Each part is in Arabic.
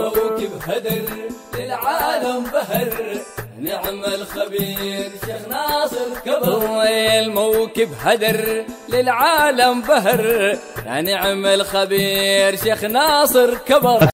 موكب هدر للعالم بهر نعم الخبير شيخ ناصر كبر الموكب هدر للعالم بهر نعم الخبير شيخ ناصر كبر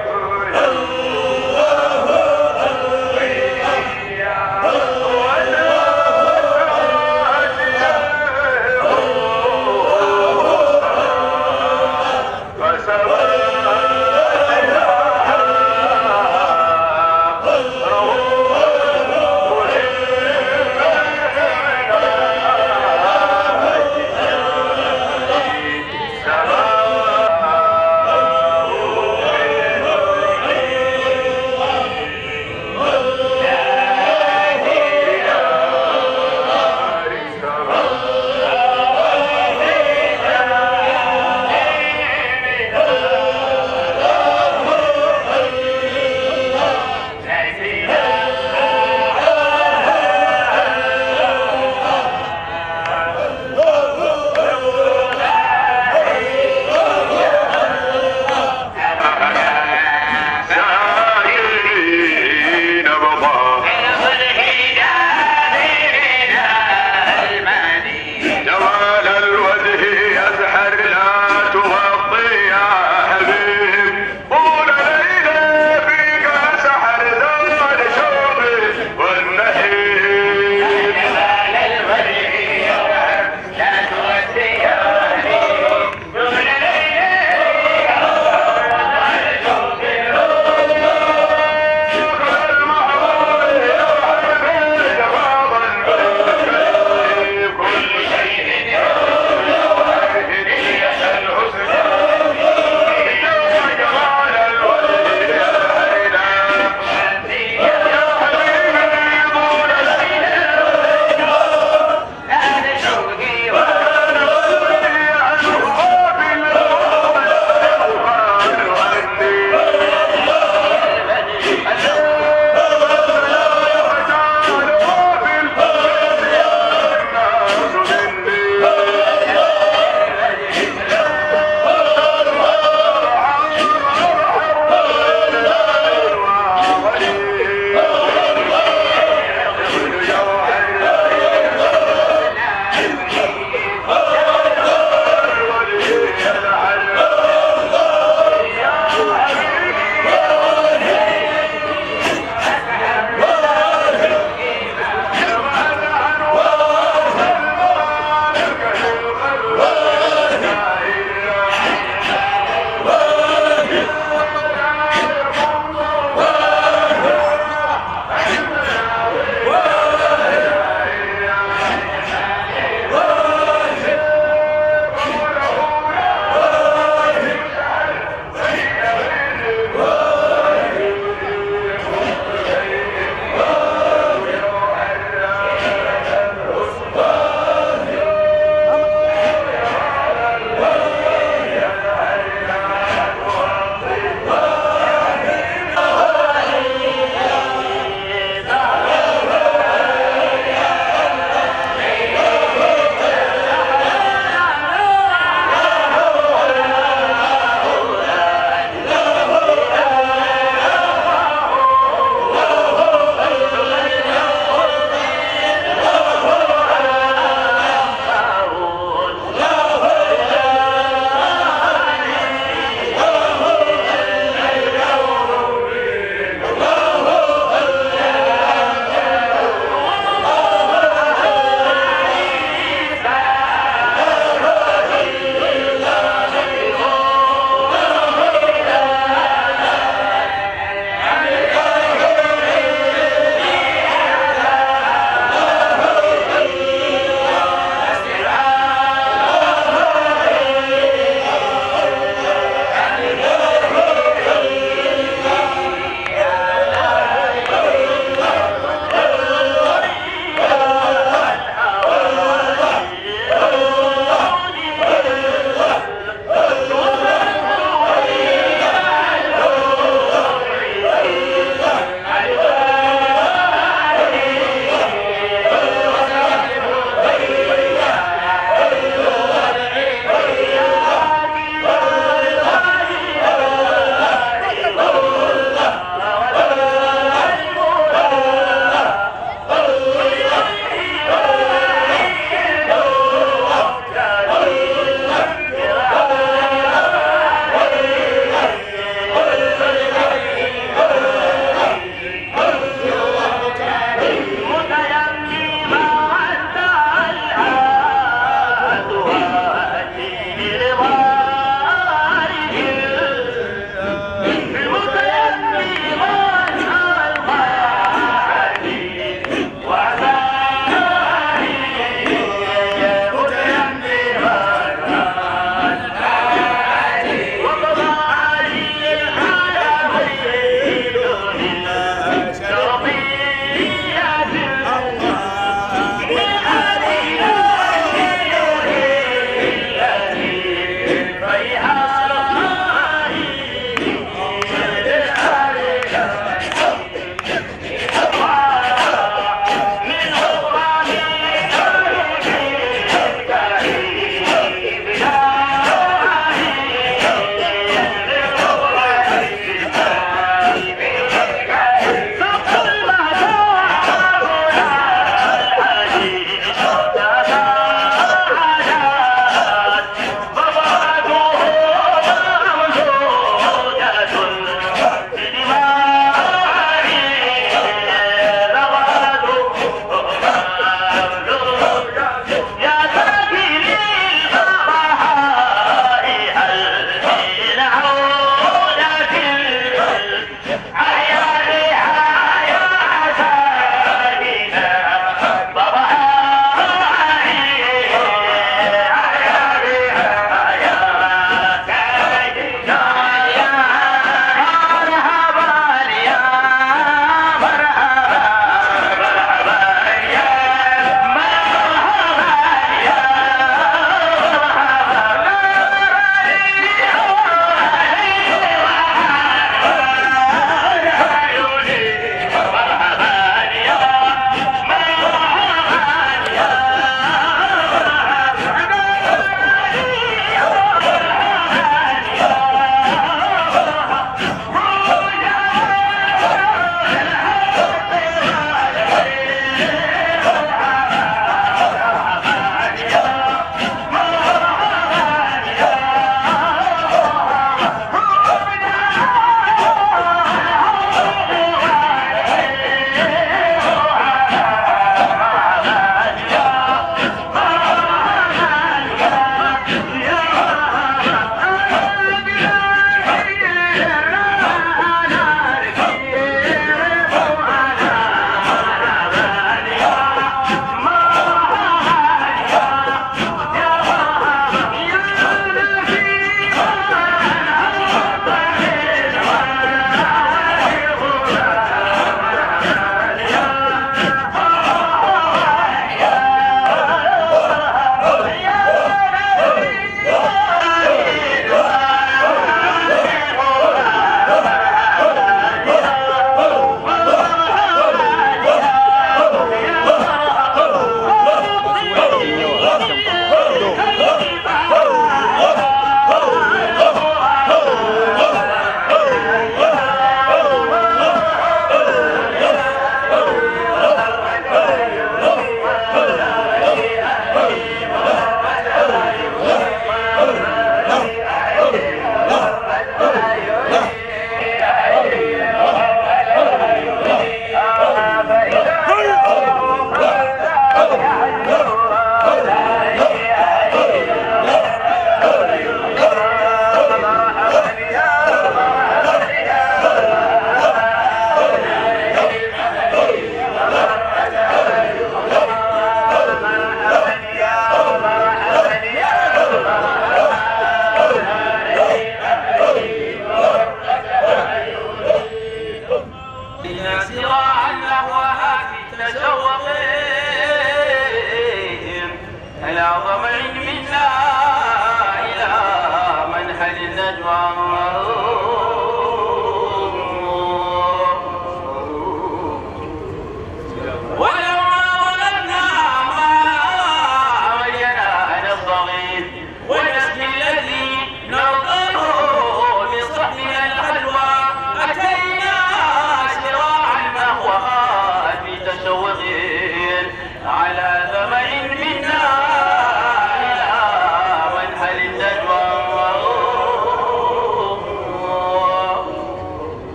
안녕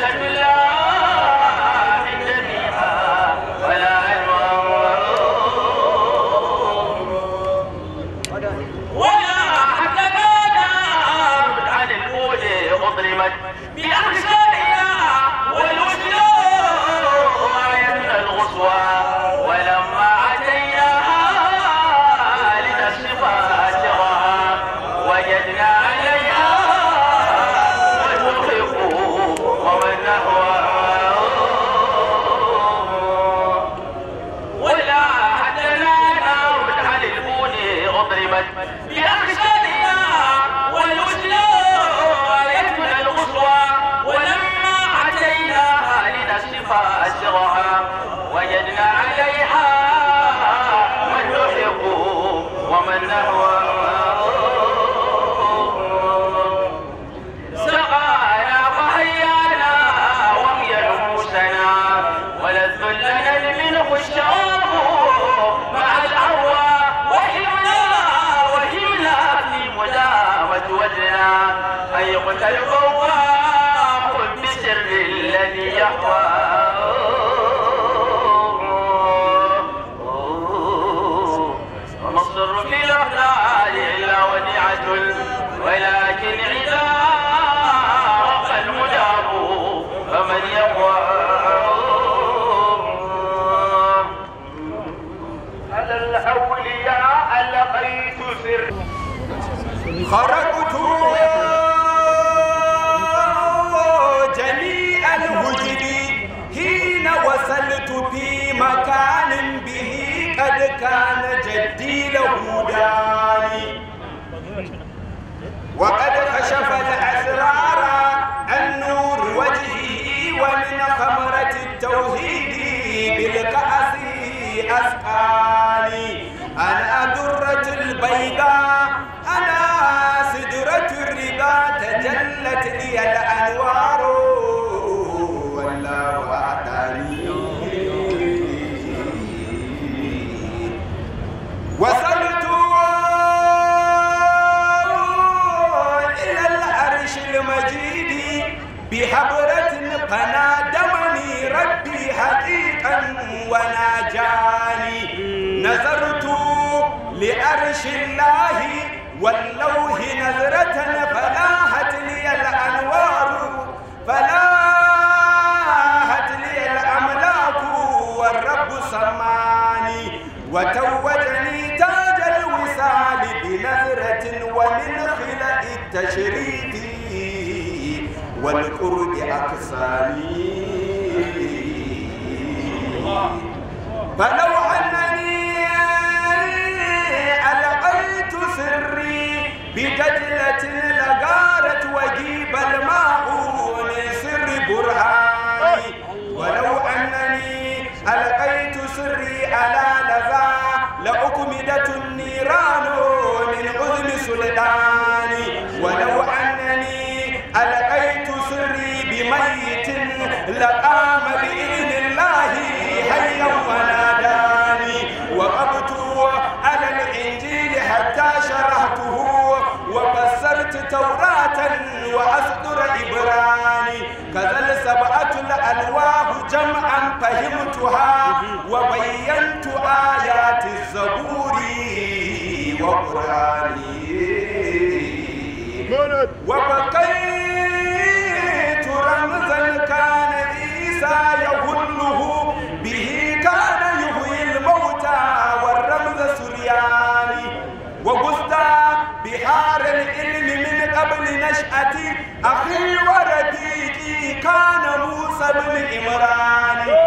Manuel خرجت جميع الهجر حين وصلت في مكان به قد كان جدي له داني وقد كشف الأسرار عن نور وجهه ومن ثمرة التوحيد بالكأس أسقاني أنا درة البيضاء عرش الله واللوه نذرة فلاحت لي الأنوار فلاحت لي الأملاك والرب سماني وتوجني تاج الوصال بنذرة ومن خلق التشريف والقرب أقصاني فلو بجدلة الواه جمعا فهمتها وبينت آيات الزبور وقرآني وبقيت رمزا كان عيسى يهله به كان يهوي الموتى والرمز سرياني وغزت بحار العلم من قبل نشأتي أخي सब इमरा